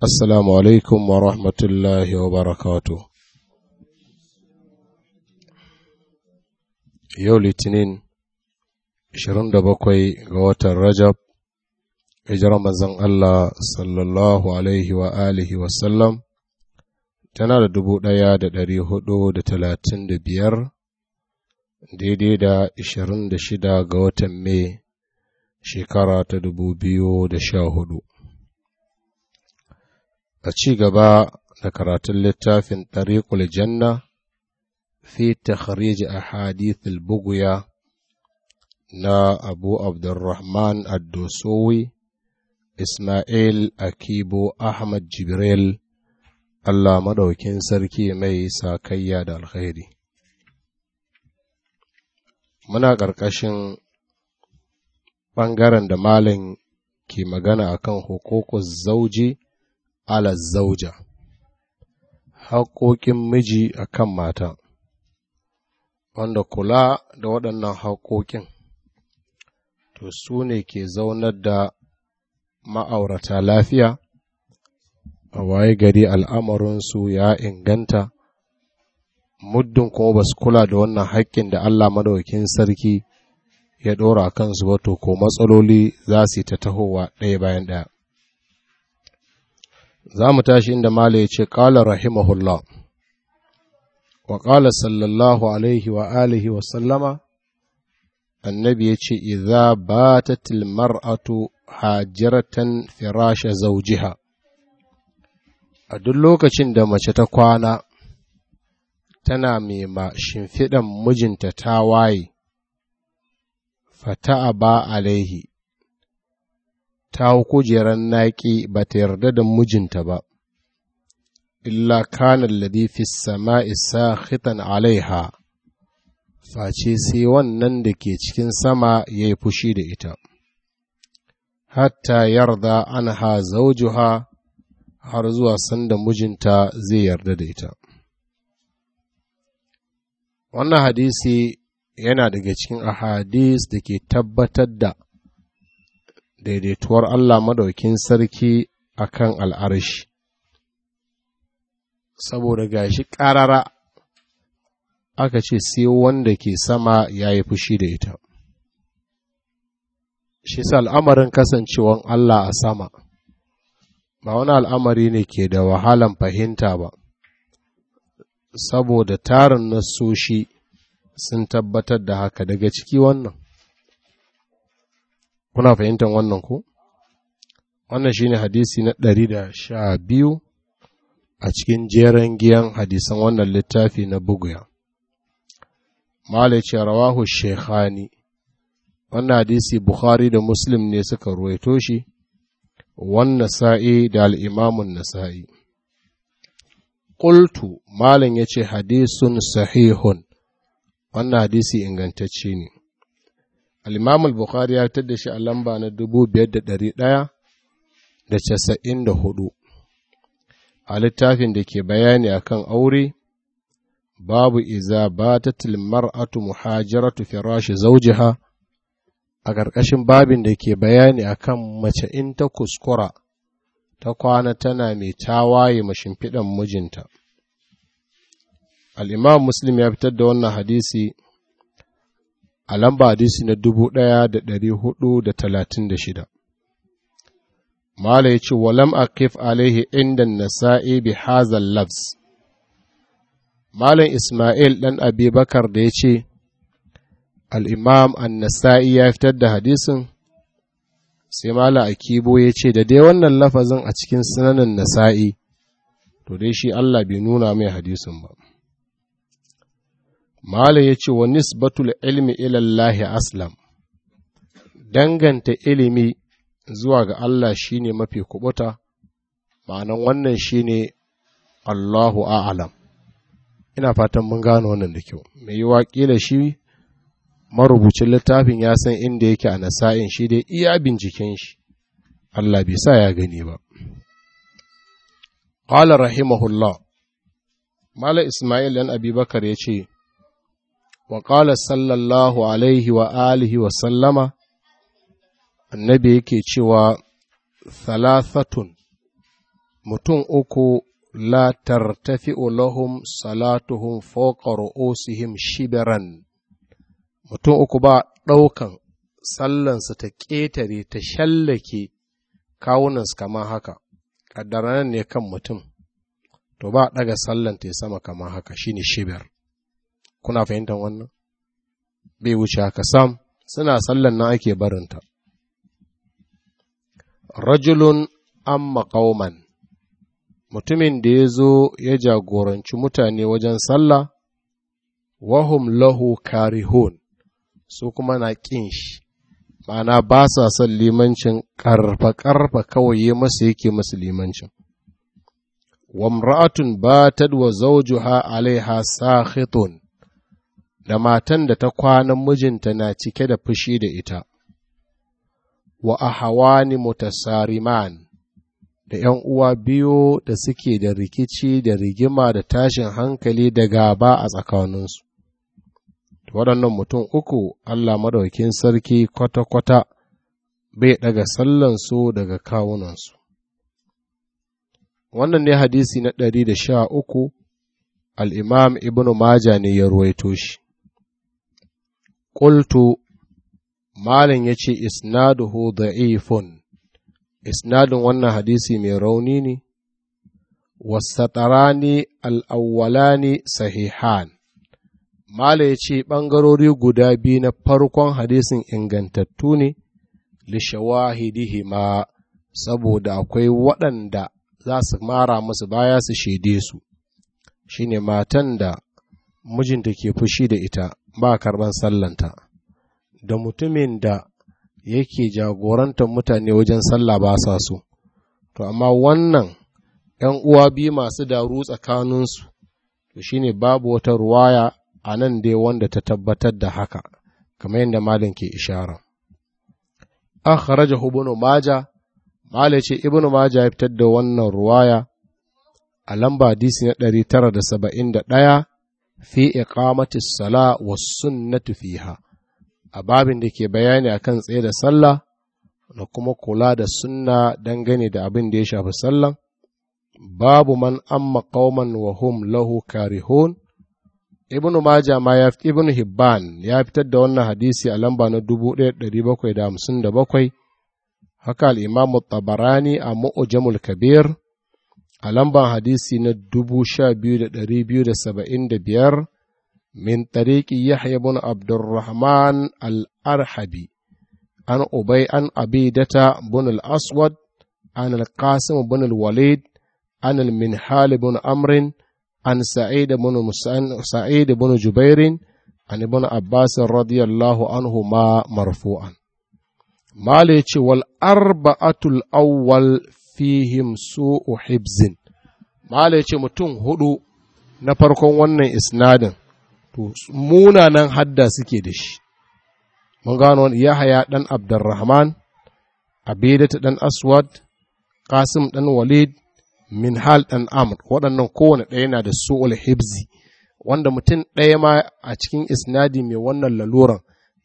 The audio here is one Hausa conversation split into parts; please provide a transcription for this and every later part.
Assalamu alaikum wa rahmatullahi wa barakatu. Yau Litinin 27 ga watan Rajab, hijirar manzon Allah sallallahu alaihi wa alihi wasallam tana da dubu ɗaya da ɗari hudu da talatin daidai da 26 ga watan Mai shekara ta dubu a ci gaba da karatun littafin tariqul janna fi takhrij ahadith al buguya na Abu Abdurrahman ad-Dosowi Ismail Akibo Ahmad Jibril Allah madaukin sarki mai sakayya da alkhairi muna ƙarƙashin ɓangaren da malin ke magana akan hukukun zauji ala zauja haƙoƙin miji a kan mata wanda kula da waɗannan haƙoƙin to su ne ke zaunar da ma'aurata lafiya a waye gari al'amarinsu ya inganta muddin kuma ba su kula da wannan haƙƙin da Allah madaukin sarki ya ɗora kansu ba to ko matsaloli za su yi ta tahowa ɗaya bayan ɗaya. za mu tashi inda mala ya ce ƙala rahimahullah wa ƙala sallallahu alaihi wa alihi wa sallama annabi ya ce idza batatil mar'atu hajiratan firasha zaujiha a duk lokacin da mace ta kwana tana mema shimfiɗan mijinta ta waye fata ba alaihi ta hau kujerar naƙi ba ta yarda da mijinta ba, illa kanan ladi fi isa sakhitan alaiha, face sai wannan da ke cikin sama ya yi fushi da ita. Hatta yarda an ha zaujuha har zuwa sanda mijinta zai yarda da ita. Wannan hadisi yana daga cikin ahadis da ke tabbatar da daidaituwar Allah madaukin sarki a kan al'arshi, saboda ga shi ƙarara aka ce sai wanda ke sama ya yi fushi da ita. Shi sa al'amarin kasancewan Allah a sama, ba wani al'amari ne ke da wahalan fahimta ba, saboda tarin nasoshi sun tabbatar da haka daga ciki wannan. kuna fahimtar wannan ku wannan shine hadisi na ɗari da sha biyu a cikin jeren giyan hadisan wannan littafi na buguya malice rawahu shekhani wannan hadisi bukhari da muslim ne suka ruwaito shi wannan sa'i da al'imamun nasa'i ƙultu malin ya ce hadisun sahihun wannan hadisi ingantacce ne al-imam al-bukhari ya fitar da shi a lamba na 5194 a littafin da ke bayani akan aure babu iza batatil mar'atu muhajiratu firashi zaujiha a ƙarƙashin babin da ke bayani akan mace in ta kuskura ta kwana tana mai tawaye mashimfiɗan mijinta al'imam muslim ya fitar da wannan hadisi a lamba hadisi na dubu ɗaya da ɗari hudu da talatin da shida. Mala ya ce, Walam akif alaihi inda nasa'i bi hazal labs. Malam Ismail ɗan Abi Bakar da ya ce, Al'imam an-nasa'i ya fitar da hadisin, sai Mala Akibo ya ce, da dai wannan lafazin a cikin sunanin nasa'i, to dai shi Allah bai nuna mai hadisin ba. Malam ya ce wa nisbatul ilmi ilallahi aslam, danganta ilimi zuwa ga Allah shi ne mafi kubuta, ma'anan wannan shi ne Allahu a'alam. Ina fatan mun gano wannan da kyau, mai yi waƙila shi marubucin littafin ya san inda yake a nasa'in shi dai iya binciken shi, Allah bai sa ya gani ba. Ƙala rahimahullah, Mala Ismail ɗan Abubakar ya ce, wa ƙala sallallahu alaihi wa alihi wa annabi yake cewa thalathatun mutum uku la tartafi'u lahum salatuhum fawqa ru'usihim shibiran mutum uku ba ɗaukan su ta ƙetare ta shallake su kamar haka ƙaddaranan ne kan mutum to ba ɗaga sallan ta sama kamar haka shine shibir kuna fahimtar wannan bai wuce haka sam suna sallan nan ake barinta rajulun amma qauman mutumin da ya zo ya jagoranci mutane wajen sallah wahum lahu karihun su kuma na ƙin shi ma'ana ba sa son limancin ƙarfa-ƙarfa kawai ya masa yake masu limancin wamra'atun ba tadwa zawjuha alaiha sakhitun da matan da ta kwana mijinta na cike da fushi da ita, wa ahawani mutasariman da ’yan uwa biyu da suke da rikici da rigima da tashin hankali da gaba a tsakaninsu. Waɗannan mutum uku Allah maɗaukin sarki kwata-kwata bai ɗaga sallansu daga kawunansu. Wannan ne hadisi na ɗari da sha uku, al'imam Ibn Maja ne ya ruwaito shi. Kultu Malin ya ce, Isnaduhu da'ifun, isnadin wannan hadisi mai rauni ne, wasatarani al'awwalani sahihan. Mala ya ce ɓangarori guda biyu na farkon hadisin ingantattu ne, ma saboda akwai waɗanda za su mara musu baya su shaide su, shi ne matan da mijinta ke fushi da ita, ba karban sallanta da mutumin da yake jagorantar mutane wajen sallah ba sa so to amma wannan ‘yan uwa biyu masu daru tsakaninsu to shi ne babu wata ruwaya a nan dai wanda ta tabbatar da haka kamar yadda malin ke ishara akhrajahu hubunu maja malin ce ibnu maja ya fitar da wannan ruwaya a lamba disi na 971 fi iqamati sala wa sunnatu fiha a babin da ke bayani akan tsaye da sallah da kuma kula da sunna dangane da abin da ya shafi sallan babu man amma qauman wa hum lahu karihun ibn maja ma ya ibn hibban ya fitar da wannan hadisi a lamba na 1757 haka al-imam tabarani a mu'jamul kabir a lamban hadisi na 12275 min tariki yahya bin abdurrahman al-arhabi an ubai an abidata bin aswad an al-qasim bin al-walid an al-minhal ibn an sa'id bin musan sa'id ibn jubair an ibn abbas radiyallahu ma marfu'an mala yace wal arba'atul awwal fihim su'u hibzin malai ce mutum hudu na farkon wannan isnadin to munanan hadda suke da shi mun gano yahaya dan abdurrahman abidata dan aswad kasim dan walid min hal dan amr waɗannan kowane ɗaya na da su'ul hibzi wanda mutum ɗaya ma a cikin isnadi mai wannan laluran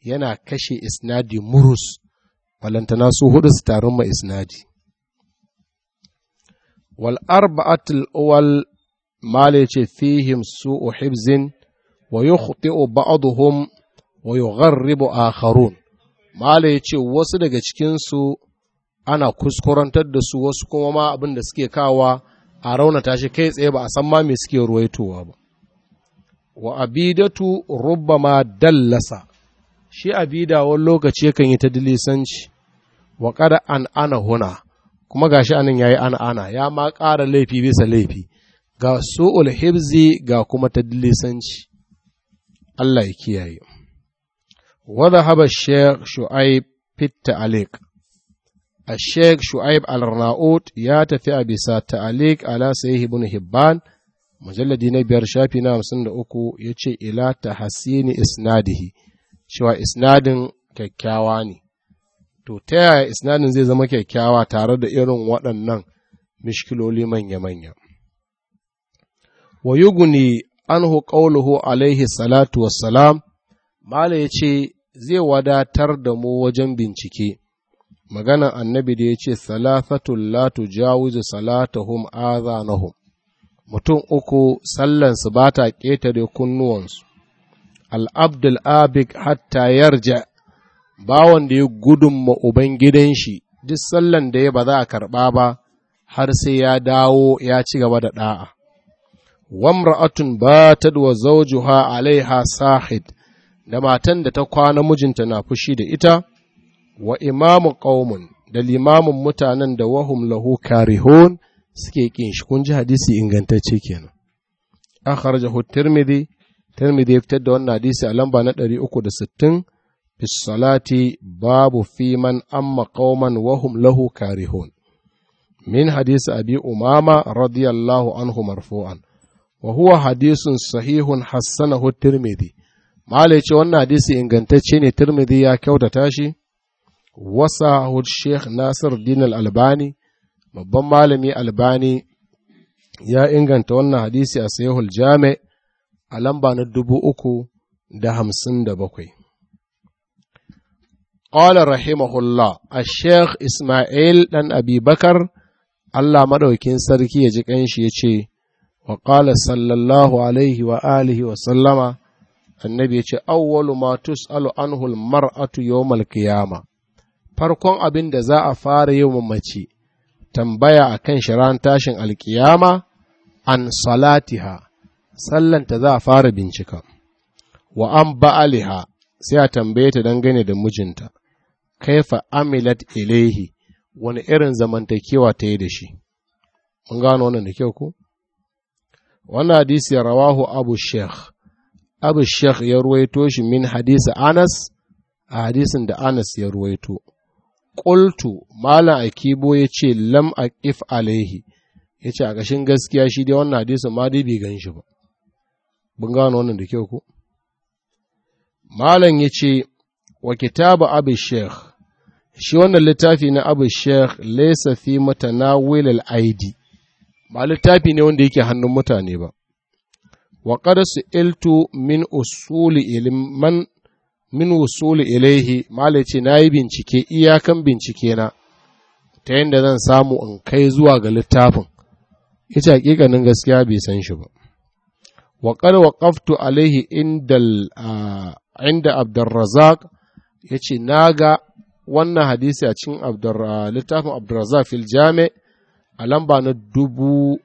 yana kashe isnadi murus balantana su hudu su tarin ma isnadi wal arba'atul awwal mala yace fihim su'u hibzin wa yukhti'u ba'dhum wa yugharribu akharun mala yace wasu daga cikinsu ana kuskurantar da su wasu kuma ma abin da suke kawa a raunata shi kai tsaye ba a san ma me suke ruwaitowa ba wa abidatu rubbama dallasa shi abida wani lokaci yakan yi ta dilisanci wa kada an ana huna kuma ga shi anan ya yi ana-ana ya ma ƙara laifi bisa laifi ga su'ul hibzi ga kuma ta dillisanci Allah ya kiyaye wadda haba sheikh shu'aib fit ta'alik a sheikh shu'aib al ra'ud ya tafi a bisa ta'alik ala sayyid ibn hibban mujalladi na biyar shafi na hamsin da uku ya ce ila ta isnadihi cewa isnadin kyakkyawa ne to ta yaya isnanin zai zama kyakkyawa tare da irin waɗannan mishkiloli manya-manya wayuguni an anhu ƙauluhu alaihi salatu wassalam mala ya ce zai wadatar da mu wajen bincike maganan annabi da ya ce salafatul la tujawizu salatahum azanahum mutum uku sallansu ba ta ƙetare kunnuwansu al'abdul abik hatta yarja bawan da ya gudun ma'uban gidan shi duk sallan da ya ba za a karɓa ba har sai ya dawo ya ci gaba da ɗa'a. Wamra'atun ba ta wa zaujuha alaiha sahid da matan da ta kwana mijinta na fushi da ita, wa imamu ƙaumun da limamin mutanen da wahum lahu karihun suke ƙin shi kun ji hadisi ingantacce kenan. An kharaja Tirmidhi, Tirmidhi ya fitar da wannan hadisi a lamba na sittin. fi babu fiman man amma qauman wahum lahu karihun min hadisi abi umama radiyallahu anhu marfu'an wa huwa hadisun sahihun hassanahu tirmidhi malai ce wannan hadisi ingantacce ne tirmidhi ya kyautata shi wasa sheikh nasir din albani babban malami albani ya inganta wannan hadisi a sahihul jami a lamba na dubu uku da hamsin da bakwai Ƙwala rahimahullah, a Sheikh Ismail ɗan Abibakar. Allah maɗaukin sarki ya ji ƙanshi ya ce, wa sallallahu alaihi wa alihi wa sallama, annabi ya ce, awwalu matus tus'alu anhul mar'atu yawmal qiyama farkon abin da za a fara yi wa mace tambaya akan kan shiran tashin alkiyama an salatiha, sallanta za a fara bincika, wa an ba'aliha sai a tambaye ta dangane da mijinta, kaifa amilat ilaihi wani irin zamantakewa ta yi da shi mun gano wannan da kyau ku wannan hadisi rawahu abu sheikh abu sheikh ya ruwaito shi min hadisi anas a hadisin da anas ya ruwaito ƙultu malam akibo ya ce lam aqif alaihi ya ce a ƙashin gaskiya shi dai wannan hadisin ma dai bai gan shi ba mun gano wannan da kyau ku malam ya ce wa kitabu abu sheikh shi wannan littafi na abu sheikh laisa fi matanawil aidi ba littafi ne wanda yake hannun mutane ba wa qad su'iltu min usuli ilman min usuli ilaihi malaci nayi bincike iyakan bincike na ta yadda zan samu in kai zuwa ga littafin ita hakikanin gaskiya bai san shi ba wa qad waqaftu alaihi indal inda abdurrazzaq yace ga. wannan hadisi a cikin littafin abdurrazak jami a lamba na dubu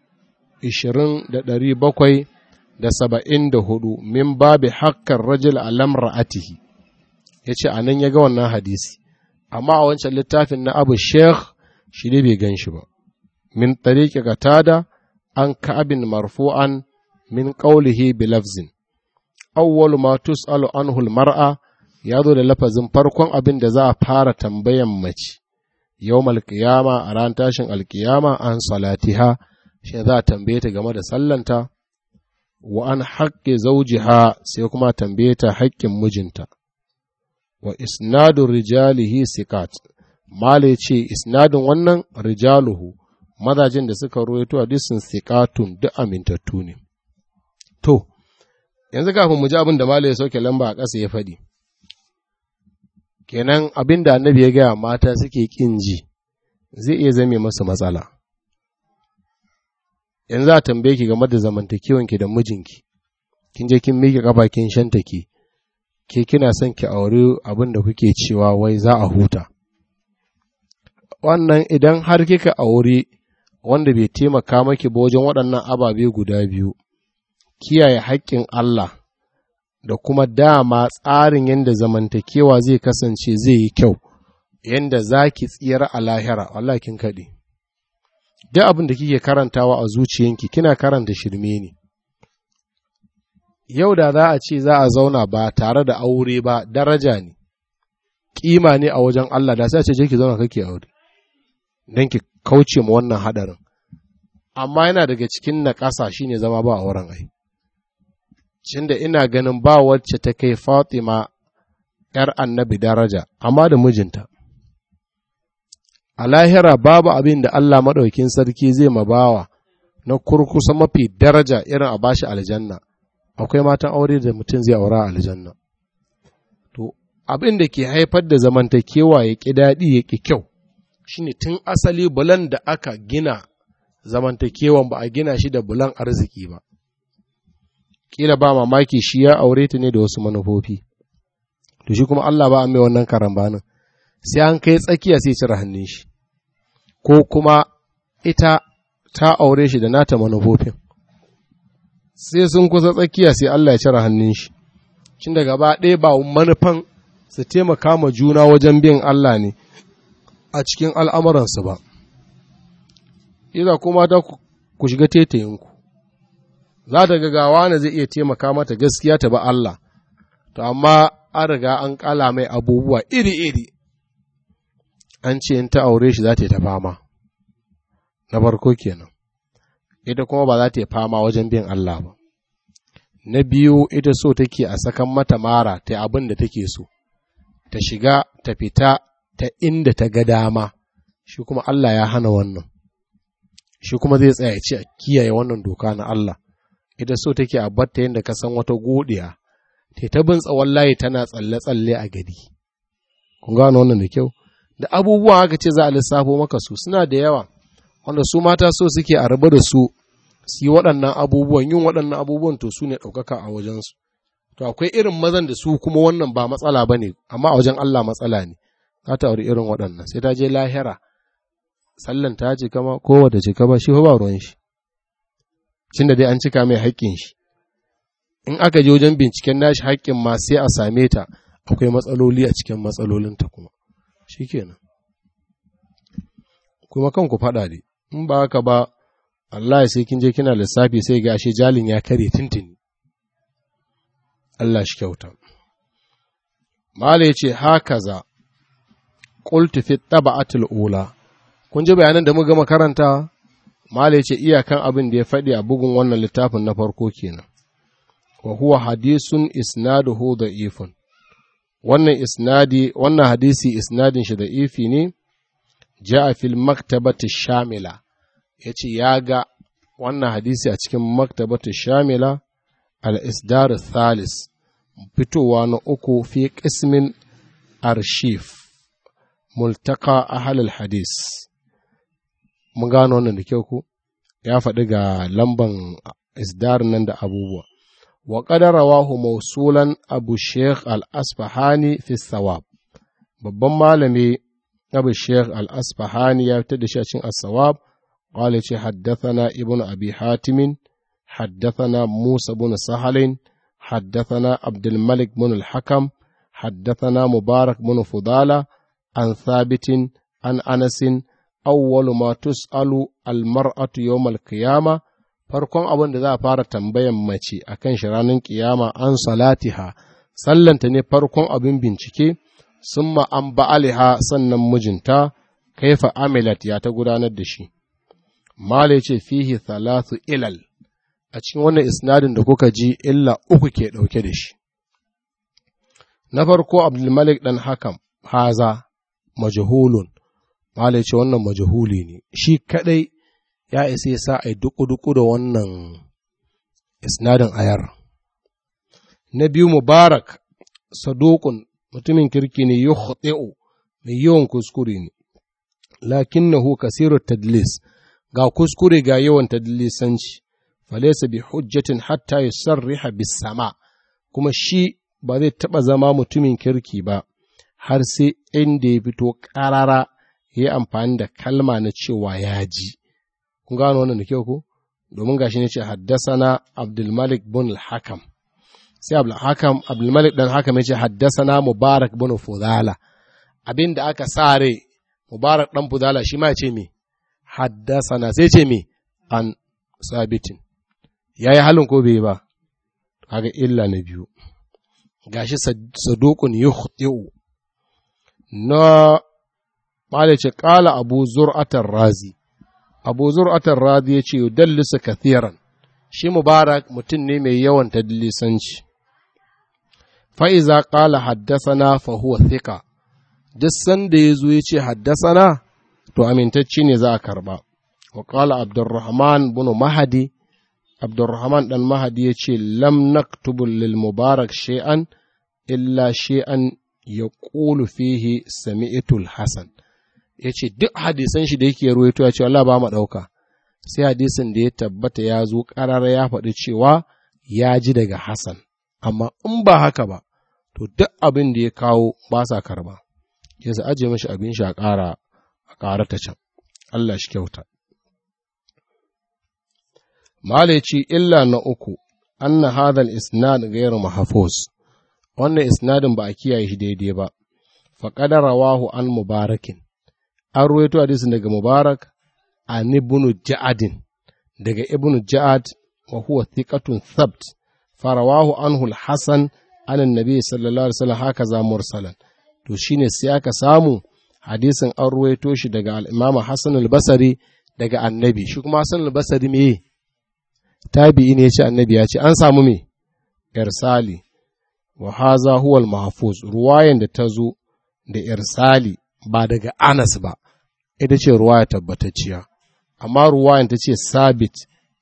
ishirin da ɗari bakwai da saba'in da hudu min babi hakkar rajul alam ra'atihi ya ce a nan ya ga wannan hadisi amma a wancan littafin na abu sheikh shi ne bai gan shi ba min tariki tada an ka'abin marfu'an min ƙaulihi bilafzin. lafzin awwalu ma tus'alu anhul mara ya zo da lafazin farkon abin da za a fara tambayan mace yau malkiyama a ran tashin alkiyama an salatiha shi za a tambaye ta game da sallanta wa an haƙƙi zaujiha sai kuma tambaye ta haƙƙin mijinta wa isnadun rijalihi sikat male ce isnadun wannan rijaluhu mazajin da suka ruwaito hadisin sikatun duk amintattu ne to yanzu kafin mu ji abin da male ya sauke lamba a ƙasa ya faɗi kenan abin da annabi ya gaya mata suke ƙin ji zai iya zame masu matsala yanzu a tambaye ki game da zamantakewanki da mijinki kin je kin miƙe ƙafa kin shanta ki ke kina son ki aure abin da kuke cewa wai za a huta wannan idan har kika aure wanda bai taimaka maki ba wajen waɗannan ababe guda biyu kiyaye haƙƙin Allah da kuma dama tsarin yadda zamantakewa zai kasance zai yi kyau yadda za ki tsira a lahira Allah kin kaɗe duk abin da kike karantawa a zuciyanki kina karanta shirme ne yau da za a ce za a zauna ba tare da aure ba daraja ne kima ne a wajen Allah da sai a ce je ki zauna kake aure don ki kauce ma wannan haɗarin amma yana daga cikin na ƙasa shine zama ba a wurin aiki. Cinda ina ganin ba wacce ta kai Fatima ‘yar annabi daraja, amma da mijinta. A lahira babu abin da Allah maɗaukin sarki zai mabawa na kurkusa mafi daraja irin a bashi aljanna, akwai matan aure da mutum zai aura aljanna. To, abin da ke haifar da zamantakewa ya ƙi daɗi ya ƙi kyau, shine tun asali bulan da aka gina zamantakewan ba a gina shi da bulan arziki ba. kila ba mamaki shi ya aure ta ne da wasu manufofi to shi kuma Allah ba a mai wannan karambanin sai an kai tsakiya sai cire hannun shi ko kuma ita ta aure shi da nata manufofin sai sun kusa tsakiya sai Allah ya cire hannun shi cin da gaba ɗaya ba manufan su taimaka ma juna wajen bin Allah ne a cikin al'amuransu ba, iza kuma ta ku shiga tetayinku, za ta gawa ne zai iya taimaka mata gaskiya ta ba Allah to amma an riga an kala mai abubuwa iri-iri an ce in ta aure shi za ta yi ta fama na farko kenan ita kuma ba za ta yi fama wajen bin Allah ba na biyu ita so take a sakan mata mara ta abin da take so ta shiga ta fita ta inda ta ga dama shi kuma Allah ya hana wannan shi kuma zai tsaya ce kiyaye wannan doka na Allah ita so take a batta yadda ka san wata godiya ta ta bin tsawon layi tana tsalle-tsalle a gari kun gano wannan da kyau da abubuwa aka ce za a lissafo maka su suna da yawa wanda su mata so suke a rabu da su su yi waɗannan abubuwan yin waɗannan abubuwan to su ne ɗaukaka a wajensu to akwai irin mazan da su kuma wannan ba matsala ba ne amma a wajen Allah matsala ne za ta auri irin waɗannan sai ta je lahira sallan ta cika ma kowa da cika ba shi ba ruwan shi cin da dai an cika mai haƙƙin shi in aka je wajen binciken nashi haƙƙin ma sai a same ta akwai matsaloli a cikin matsalolinta kuma shi kenan kuma kanku faɗa dai in ba haka ba Allah sai kin je kina lissafi sai ga ashe jalin ya kare tintini Allah shi kyauta mala ya ce haka za ƙultufi taba'atul ula kun ji bayanan da muka gama karanta malai ce iyakan abin da ya faɗi a bugun wannan littafin na farko kenan wa huwa hadisun isnaduhu da ifin wannan isnadi wannan hadisi isnadin shi da ifi ne ja'a fil maktabati shamila yace ya ga wannan hadisi a cikin maktabati shamila al isdar thalis fitowa na uku fi qismin arshif multaka ahlul hadis mun gano wannan da kyau ku ya faɗi ga lamban isdar nan da abubuwa wa qadarawahu mawsulan abu sheikh al-asfahani fi sawab babban malami abu sheikh al-asfahani ya fitar da shi a cikin as-sawab qala ce haddathana ibnu abi hatimin musa ibn sahalin haddathana abdul malik ibn al-hakam haddathana mubarak ibn fudala an ثابت an anasin. awwalu ma tus'alu almar'atu yawmal qiyama farkon abin da za a fara tambayan mace akan shi ranar kiyama an salatiha sallanta ne farkon abin bincike summa an ba'aliha sannan mijinta kaifa amilat ya ta gudanar da shi mala ce fihi thalathu ilal a cikin wannan isnadin da kuka ji illa uku ke ɗauke da shi. Na farko Abdulmalik ɗan hakan haza majahulun Malai ce wannan majahuli ne, shi kadai ya isa sa a yi duku-duku da wannan isnadin ayar. Na biyu Mubarak, sadokun mutumin kirki ne yi mai yawan kuskure ne, lakin na hu tadlis, ga kuskure ga yawan tadlisanci, falesa bi hujjatin hatta ya sarriha bis sama, kuma shi ba zai taɓa zama mutumin kirki ba, har sai inda ya fito ƙarara ya amfani da kalma na cewa ya ji kun gano wannan da kyau ku? domin gashi ne ce haddasana abdulmalik bin hakam sai abdulhakam abdulmalik dan hakam ya ce haddasana mubarak bin fudala abin da aka sare mubarak dan fudala shi ma ya ce me haddasana sai ce me an sabitin ya yi halin ko bai ba kaga illa na biyu gashi sadukun Yuhu na Mala ce ƙala abu zur'atar razi, abu zur'atar razi ya ce dallisa kathiran, shi mubarak mutum ne mai yawan tadlisanci. Fa'iza ƙala haddasa na huwa duk sanda yazo zo ya ce haddasana, to amintacci ne za a karba. Wa ƙala Abdurrahman bunu ɗan Mahadi ya ce, Lam naktubul lil mubarak shay'an illa shay'an ya ƙulu fihi sami'itul Hassan. ya ce duk hadisan shi da yake ruwaito ya ce Allah ba mu ɗauka sai hadisin da ya tabbata ya zo ƙarara ya faɗi cewa ya ji daga Hassan amma in ba haka ba to duk abin da ya kawo ba sa karba ya sa aje mashi abin shi a ƙara a ƙara ta can Allah shi kyauta malaci illa na uku anna hadhal isnad ghayr mahfuz wannan isnadin ba a kiyaye shi daidai ba faqad rawahu an mubarakin an ruwaito hadisin daga mubarak an ibn ja'adin daga ibn ja'ad wa huwa thiqatun thabt farawahu anhu al-hasan an annabi sallallahu alaihi wasallam haka za mursalan to shine sai aka samu hadisin an ruwaito shi daga al-imam hasan al-basri daga annabi shi kuma hasan al-basri me tabi'i ne yace annabi ya ce an samu me irsali wa hadha huwa al-mahfuz ruwayan da ta zo da irsali ba daga Anas ba ita ce ruwaya tabbatacciya amma ruwayan ta ce sabit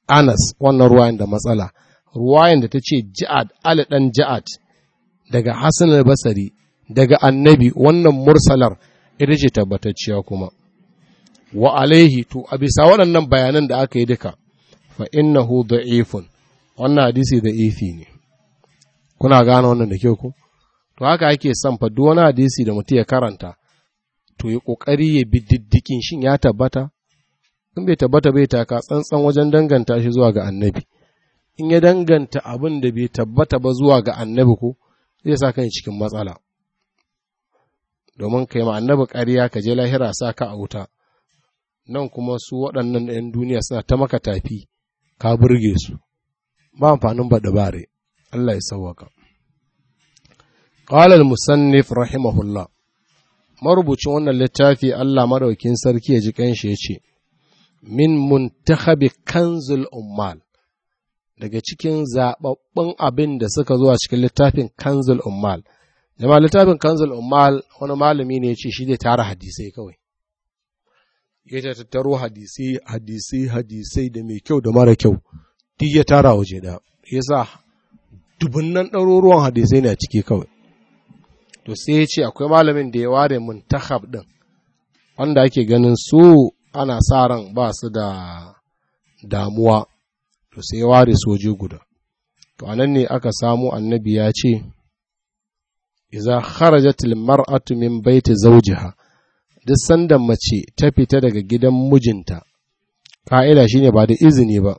Anas wannan ruwayan da matsala ruwayan da ta ce ja'ad ali dan ja'ad daga Hassan al daga annabi wannan mursalar ita ce tabbatacciya kuma wa alaihi to a bisa waɗannan bayanan da aka yi duka fa da ifin, wannan hadisi da ifi ne kuna gane wannan da kyau ku to haka ake son fa duk wani hadisi da mutum ya karanta to ya ƙoƙari ya bi diddikin shin ya tabbata in bai tabbata bai taka tsantsan wajen danganta shi zuwa ga annabi in ya danganta abin da bai tabbata ba zuwa ga annabi ko zai sa kan cikin matsala domin kai ma annabi ƙarya ka je lahira sa ka a wuta nan kuma su waɗannan 'yan duniya suna ta maka tafi ka burge su ba amfanin ba dabare Allah ya sauwaka qala al-musannif rahimahullah marubucin wannan littafi Allah maɗaukin sarki ya ji kanshi ya ce, Min muntahabi kanzul ummal daga cikin zaɓaɓɓun abin da suka zuwa cikin littafin kanzul ummal. Jama littafin kanzul ummal wani malami ne ya ce shi zai tara hadisai kawai. Ya ta tattaro hadisai, hadisai, hadisai da mai kyau da mara kyau, duk ya tara waje da, ya sa dubunnan ɗaruruwan hadisai ne a ciki kawai. to sai ya ce akwai malamin da ya ware muntakhab din wanda ake ganin su ana sa ran ba su da damuwa to sai ya ware soje guda to anan ne aka samu annabi ya ce iza kharajat almar'atu min baiti zawjiha duk sanda mace ta fita daga gidan mijinta ka'ida shine ba da izini ba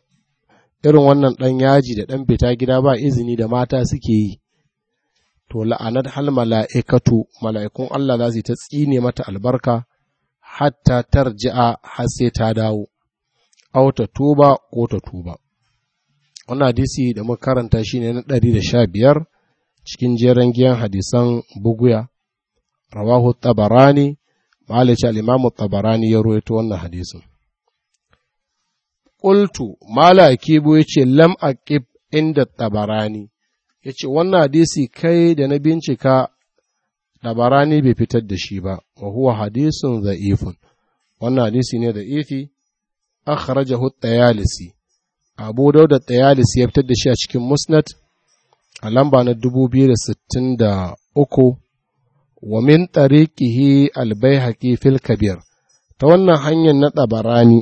irin wannan dan yaji da dan fita gida ba izini da mata suke yi to la'anar hal mala'ikatu mala'ikun Allah za su ta tsine mata albarka hatta tarji'a har sai ta dawo au ta tuba ko ta tuba wannan hadisi da muka karanta shine na 115 cikin jeren giyan hadisan buguya rawahu tabarani malici al-imam tabarani ya ruwaito wannan hadisin qultu mala akibu yace lam aqib inda tabarani ya ce wannan hadisi kai da na bincika labarani bai fitar da shi ba wa huwa hadisun za'ifun wannan hadisi ne da ifi akhrajahu tsayalisi abu da tsayalisi ya fitar da shi a cikin musnad a lamba na 2063 wa min tariqihi al-baihaqi fil kabir ta wannan hanyar na tabarani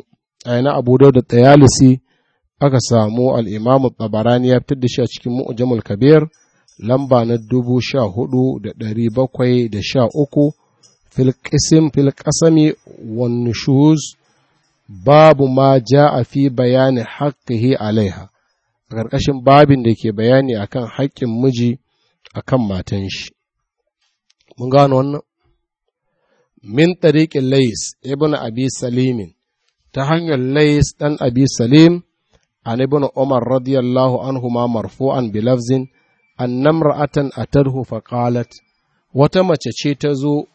ai na abu da tsayalisi aka samu al'imamu tsabarani ya fitar da shi a cikin mu'ujamul kabir lamba na dubu sha hudu da ɗari bakwai da sha uku filƙisim filƙasami wani shuhuz babu ma ja a fi bayani haƙƙihi alaiha a ƙarƙashin babin da ke bayani a kan haƙƙin miji kan matan shi mun gano wannan min tariƙin lais ibn abi salimin ta hanyar lais ɗan abi salim عن ابن عمر رضي الله عنهما مرفوعا بلفظ أن امرأة أتته فقالت وتمتشي تزو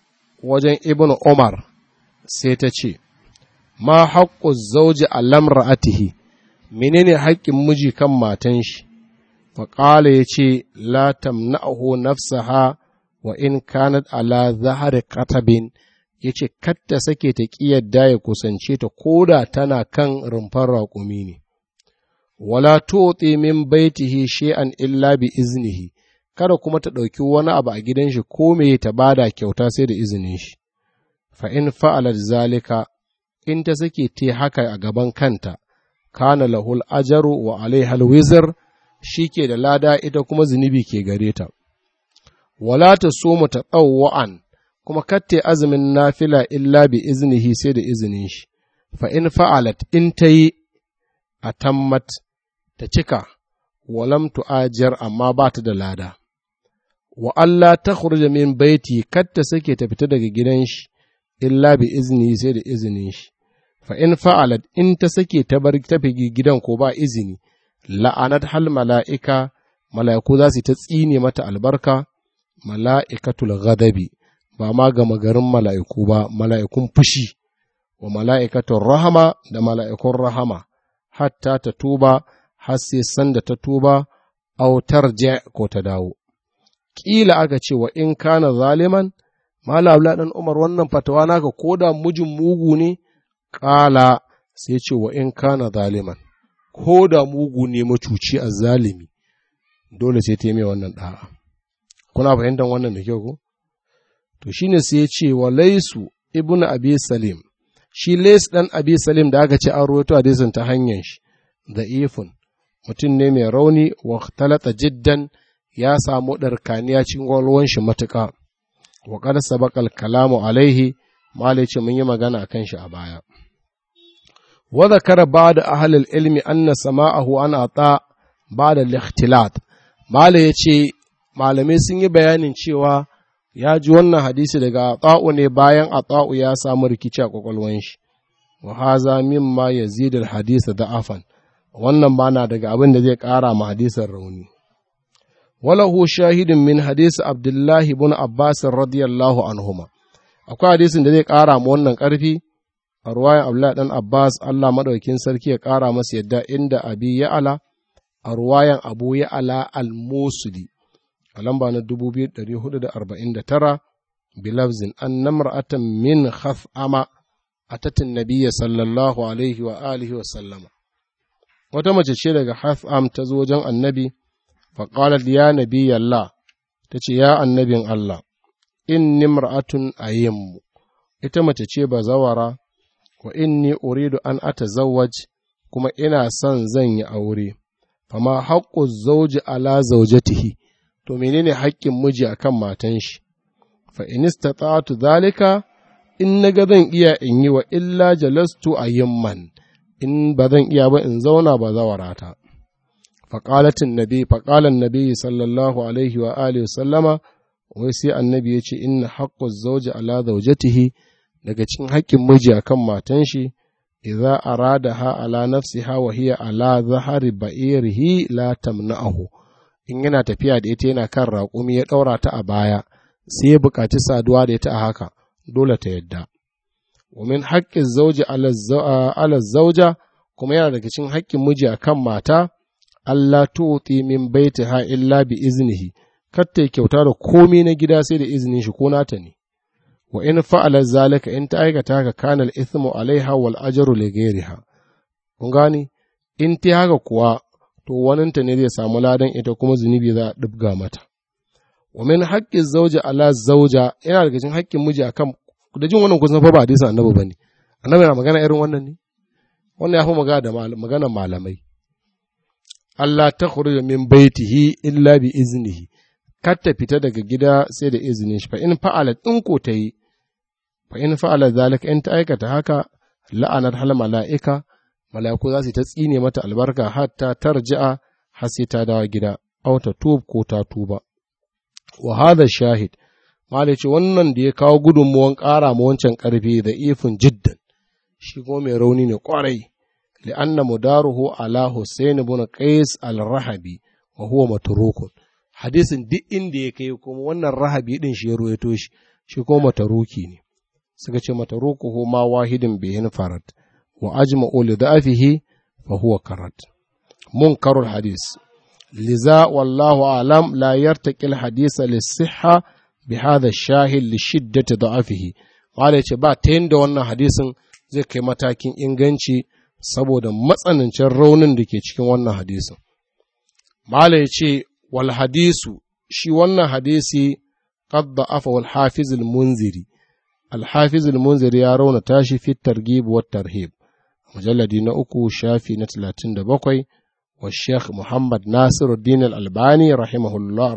وجن ابن عمر سيتشي ما حق الزوج على امرأته menene haƙƙin miji kan matan shi faƙala ya ce la tamna'ahu nafsaha wa in kanat ala zahari katabin ya ce ta sake ta ƙi ƙiyadda ya kusance ta koda tana kan rumfar raƙumi ne wala tuti min baitihi shay'an illa bi iznihi kada kuma ta ɗauki wani abu a gidan shi ko me ta bada kyauta sai da izinin shi fa in fa'alat zalika in ta sake te haka a gaban kanta kana lahul ajaru wa alaiha alwizr shike da lada ita kuma zunubi ke gare ta wala ta soma ta tsawwa'an kuma katte azumin nafila illa bi iznihi sai da izinin shi fa in fa'alat in ta yi a tammat ta cika walam tu'ajir amma ba ta da lada wa Allah ta khurja min baiti ta sake ta fita daga gidan shi illa bi izini sai da izinin shi fa in fa'alat in ta sake ta bar ta gidan ko ba izini la'anat hal mala'ika mala'iku za su ta tsine mata albarka mala'ikatul ghadabi ba ma gama garin mala'iku ba mala'ikun fushi wa mala'ikatun rahama da mala'ikun rahama hatta ta tuba har sai sanda ta tuba autar je ko ta dawo ƙila aka ce wa in kana zaliman mala abla dan umar wannan fatawa naka ko da mijin mugu ne ƙala sai ce wa in kana zaliman ko da mugu ne macuci a zalimi dole sai ta yi mai wannan ɗa'a kuna fahimtar wannan da kyau ko to shine sai ya ce wa laisu ibnu abi salim shi lais dan abi salim da aka ce an ruwato hadisin ta hanyar shi da ifun mutum ne mai rauni wa talata jiddan ya samu ɗarkaniya cikin gwalwan shi matuƙa wa qad sabaqa kalamu alaihi malai ce mun yi magana kan shi a baya wa zakara da ahli ilmi anna sama'ahu an ata da al-ikhtilat ya ce malamai sun yi bayanin cewa ya ji wannan hadisi daga ata'u ne bayan ata'u ya samu rikici a kwakwalwan shi wa haza mimma yazidul hadisa da afan wannan ba na daga abin da zai ƙara ma hadisin rauni walahu shahidin min hadisi abdullahi bin abbas radiyallahu anhuma akwai hadisin da zai ƙara ma wannan ƙarfi a ruwayan abdullahi ɗan abbas Allah Maɗaukin sarki ya ƙara masa yadda inda abi ala a ruwayan abu ya ala al-musuli a lamba na 2449 bilafzin an namra'atan min khaf'ama atatin nabiyya sallallahu alaihi wa alihi wa sallama wata mace ce daga Hatham ta zo wajen annabi, faƙalar ya nabi yalla, ta ce, Ya annabin Allah, in ni mar'atun a yinmu, ita mace ce ba zawara, wa in ni uridu an ata zawaj, kuma ina son zan yi aure, ma haƙƙo zauji ala zaujatihi, to menene haƙƙin miji akan matan shi, fa in istata'tu zalika in naga zan iya in yi wa illa jalastu a man. in ba zan iya ba in zauna ba zawara ta faƙalatin nabi faƙalan nabi sallallahu alaihi wa alihi sallama wai sai annabi ya ce inna haqqu zawji ala zawjatihi daga cikin haƙƙin miji akan matan shi idza ha ala nafsiha wa hiya ala zahari ba'irihi la tamna'ahu in yana tafiya da ita yana kan raƙumi ya ɗaura ta a baya sai ya buƙaci saduwa da ita a haka dole ta yadda wa min haƙƙin zauji ala zauja kuma yana daga cikin haƙƙin miji akan mata Allah tuti min baitiha illa bi iznihi kar ta kyauta da komai na gida sai da izini shi ko nata ne wa in fa'ala zalika in ta aikata haka kanar al-ithmu alaiha wal ajru li ghayriha gani in ta haka kuwa to waninta ne zai samu ladan ita kuma zunubi za a dubga mata wa min haƙƙin zawji ala zauja yana daga cikin haƙƙin miji akan da jin wannan kusan fa ba hadisin annabi bane annabi na magana irin wannan ne wannan ya fi magana da malamai Allah ta khuruja min baitihi illa bi iznihi kar ta fita daga gida sai da izinin shi fa in fa'ala ko ta yi fa in fa'ala zalika in ta aikata haka la'anar hal mala'ika mala'iku za su ta tsine mata albarka hatta tarji'a har sai ta dawo gida aw ta tub ko ta tuba wa hadha shahid Malai ce wannan da ya kawo gudunmuwan ƙara ma wancan ƙarfi da ifin jiddan, shi kuma mai rauni ne ƙwarai, li'anna mudaruhu ala Hussein ibn Qais al-Rahabi wa huwa matrukun. Hadisin duk inda ya kai kuma wannan rahabi din shi ya ruwaito shi, shi kuma mataruki ne. Suka ce matarukuhu ma wahidin bihin farat wa ajma'u li da'afihi fa huwa karat. Munkarul hadis. Liza wallahu alam la yartaqil hadisa lis-sihha bi hadha shahid li shiddati da'afihi qala yace ba ta yanda wannan hadisin zai kai matakin inganci saboda matsanancin raunin da ke cikin wannan hadisin mala yace wal hadisu shi wannan hadisi qad da'afa wal hafiz al munziri al hafiz al munziri ya rauna tashi fi targhib tarhib mujalladi na uku shafi na 37 wa shek muhammad nasiruddin al albani rahimahullah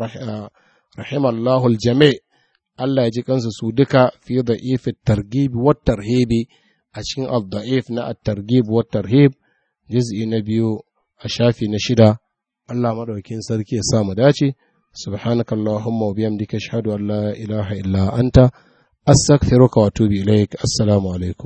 rahimallahu al Allah ya ji kansu su duka fi da ifit targib wa tarhibi a cikin al-da'if na at-targib wa tarhib juz'i na biyu a shafi na shida Allah madaukin sarki ya sa mu dace subhanakallahumma wa bihamdika ashhadu an la ilaha illa anta astaghfiruka wa atubu ilaik assalamu alaikum